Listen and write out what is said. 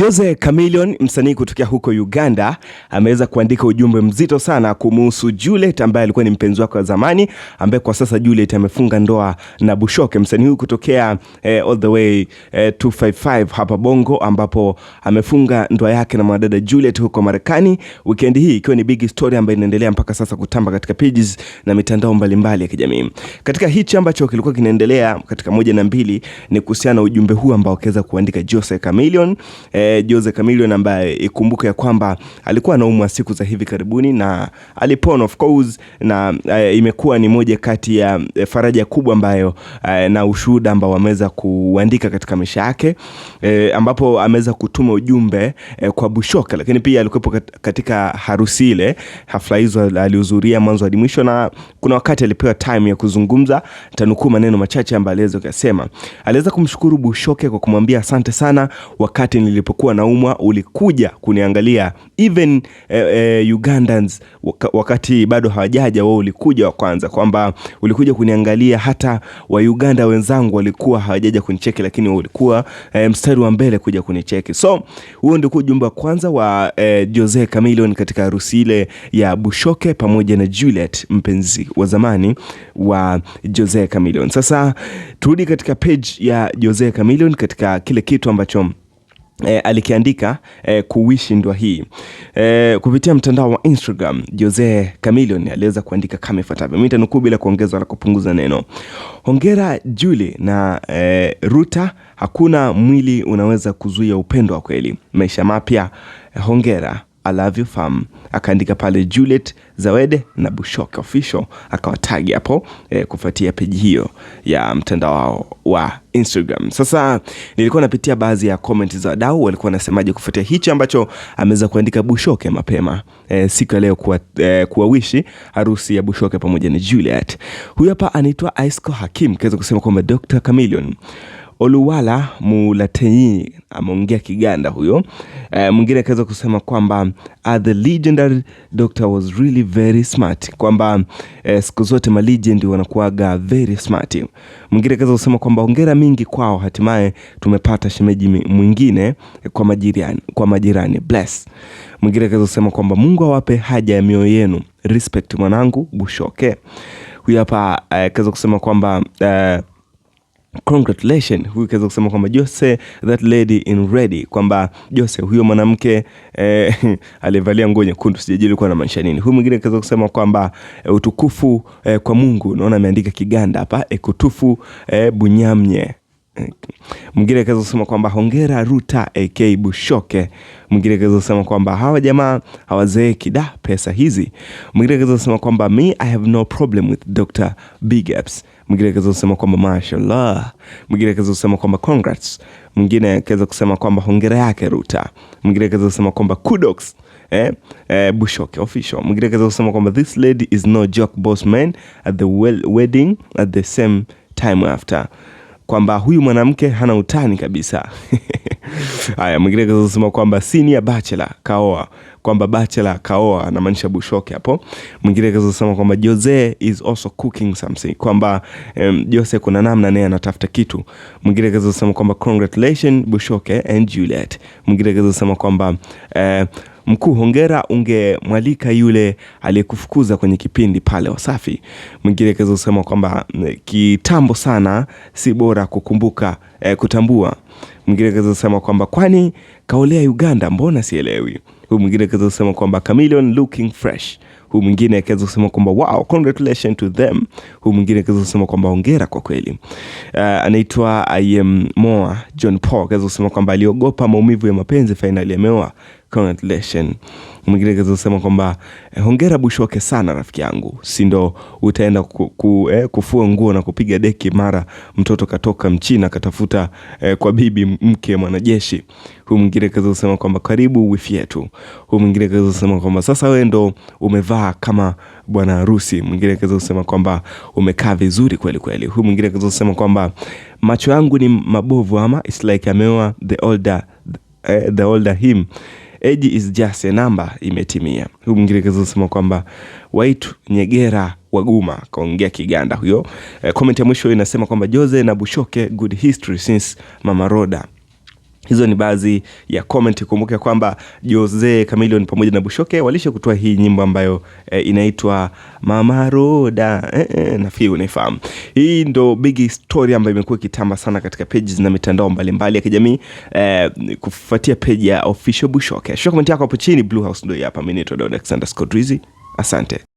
Jose Chameleon, msanii kutokea huko Uganda, ameweza kuandika ujumbe mzito sana kumuhusu Juliet ambaye alikuwa ni mpenzi wake wa zamani, ambaye kwa sasa Juliet amefunga ndoa na Bushoke, msanii huyu kutokea eh, all the way eh, 255 hapa Bongo, ambapo amefunga ndoa yake na mwanadada Juliet huko Marekani, weekend hii ikiwa ni big story ambayo inaendelea mpaka sasa kutamba katika pages na mitandao mbalimbali ya kijamii. Katika hichi ambacho kilikuwa kinaendelea katika moja na mbili ni kuhusiana na ujumbe huu ambao kaweza kuandika Jose Chameleon eh, Eh, Jose Chameleone ambaye ikumbuke ya kwamba alikuwa anaumwa siku za hivi karibuni na alipona of course, na eh, imekuwa ni moja kati ya eh, faraja kubwa ambayo eh, na ushuhuda ambao ameweza kuandika katika maisha yake eh, ambapo ameweza kutuma ujumbe eh, kwa Bushoka, lakini pia alikuwepo katika harusi ile, hafla hizo alihudhuria mwanzo hadi mwisho, na kuna wakati alipewa time ya kuzungumza. Tanukuu maneno machache ambayo aliweza kusema, aliweza kumshukuru Bushoke kwa kumwambia asante sana wakati nilipo nilipokuwa naumwa ulikuja kuniangalia even eh, eh, Ugandans wakati bado hawajaja wao, ulikuja wa kwanza, kwamba ulikuja kuniangalia. Hata wa Uganda wenzangu walikuwa hawajaja kunicheki, lakini wao ulikuwa eh, mstari wa mbele kuja kunicheki. So huo ndio ujumbe wa kwanza wa eh, Jose Chameleone katika harusi ile ya Bushoke pamoja na Juliet, mpenzi wa zamani wa Jose Chameleone. Sasa turudi katika page ya Jose Chameleone katika kile kitu ambacho E, alikiandika e, eh, kuwishi ndoa hii e, kupitia mtandao wa Instagram. Jose Chameleone aliweza kuandika kama ifuatavyo, mimi nitanukuu bila kuongeza wala kupunguza neno. Hongera Julie na e, Ruta, hakuna mwili unaweza kuzuia upendo wa kweli. Maisha mapya, hongera fam. akaandika pale Juliet Zawede na Bushoke Official akawatagi hapo e, kufuatia peji hiyo ya mtandao wao wa Instagram. Sasa nilikuwa napitia baadhi ya comment za wadau walikuwa nasemaje kufuatia hicho ambacho ameweza kuandika Bushoke mapema e, siku ya leo kuwa, e, kuwawishi harusi ya Bushoke pamoja na Juliet. Huyu hapa anaitwa Aisco Hakim kaweza kusema kwamba Dr. Chameleone Oluwala Mulateyi ameongea Kiganda huyo. E, mwingine akaweza kusema kwamba ah, the legendary doctor was really very smart, kwamba e, siku zote malegend wanakuaga very smart. Mwingine akaweza kusema kwamba hongera mingi kwao, hatimaye tumepata shemeji mwingine kwa majirani, kwa majirani bless. Mwingine akaweza kusema kwamba Mungu awape haja ya mioyo yenu, respect mwanangu Bushoke. Huyu hapa eh, akaweza kusema kwamba e, congratulation, huyu kaweza kusema kwamba Jose that lady in red, kwamba Jose huyo mwanamke eh, aliyevalia nguo nyekundu. Sijajua ilikuwa na maanisha nini. Huyu mwingine kaweza kusema kwamba eh, utukufu eh, kwa Mungu. Naona ameandika Kiganda hapa ekutufu eh, bunyamye mwingine akaweza kusema kwamba hongera Ruta AK Bushoke. Mwingine akaweza kusema kwamba hawa jamaa hawazeeki da pesa hizi. Mwingine akaweza kusema kwamba me I have no problem with Dr Bigaps mwingine akaweza kusema kwamba mashallah, mwingine akaweza kusema kwamba congrats, mwingine akaweza kusema kwamba hongera yake Ruta, mwingine akaweza kusema kwamba kudos eh, eh, Bushoke official, mwingine akaweza kusema kwamba this lady is no joke boss man at the well wedding at the same time after, kwamba huyu mwanamke hana utani kabisa Haya, mwingine kasema kwamba senior bachelor kaoa, kwamba bachelor kaoa, anamaanisha Bushoke hapo. Mwingine kasema kwamba Jose is also cooking something, kwamba um, Jose kuna namna naye anatafuta kitu. Mwingine kasema kwamba congratulations Bushoke and Juliet. Mwingine kasema kwamba uh, mkuu hongera, ungemwalika yule aliyekufukuza kwenye kipindi pale Wasafi. Mwingine kaweza kusema kwamba mm, kitambo sana, si bora kukumbuka eh, kutambua. Mwingine kaweza kusema kwamba kwani kaolea Uganda, mbona sielewi. Huyu mwingine kaweza kusema kwamba chameleon looking fresh Huyu mwingine akaweza kusema kwamba wow, congratulations to them. Huyu mwingine akaweza kusema kwamba hongera kwa kweli. Uh, anaitwa im Moa John Paul akaweza kusema kwamba aliogopa maumivu ya mapenzi, fainali ameoa. Congratulations. Mwingine akaweza kusema kwamba eh, hongera Bushoke sana rafiki yangu, si ndo utaenda ku, ku, eh, kufua nguo na kupiga deki, mara mtoto katoka Mchina katafuta eh, kwa bibi mke mwanajeshi. Huyu mwingine akaweza kusema kwamba karibu wifi yetu. Huyu mwingine akaweza kusema kwamba sasa wewe ndo umevaa umevaa kama bwana harusi. Mwingine akaweza kusema kwamba umekaa vizuri kweli kweli. Huyu mwingine akaweza kusema kwamba macho yangu ni mabovu, ama it's like ameoa the older, eh, the older him age is just a number, imetimia. Huyu mwingine akaweza kusema kwamba waitu nyegera waguma, kaongea Kiganda huyo. E, comment ya mwisho inasema kwamba Jose na Bushoke good history since Mama Roda. Hizo ni baadhi ya comment. kumbuka kwamba Jose Chameleone pamoja na Bushoke walisha kutoa hii nyimbo ambayo e, inaitwa Mama Roda e, e, nafikiri unaifahamu. Hii ndo big story ambayo imekuwa ikitamba sana katika pages na mitandao mbalimbali ya kijamii e, kufuatia page ya official Bushoke. Shusha comment yako hapo chini, Blue House ndio hapa. Mimi ni Alexander Scott Rizzi, asante.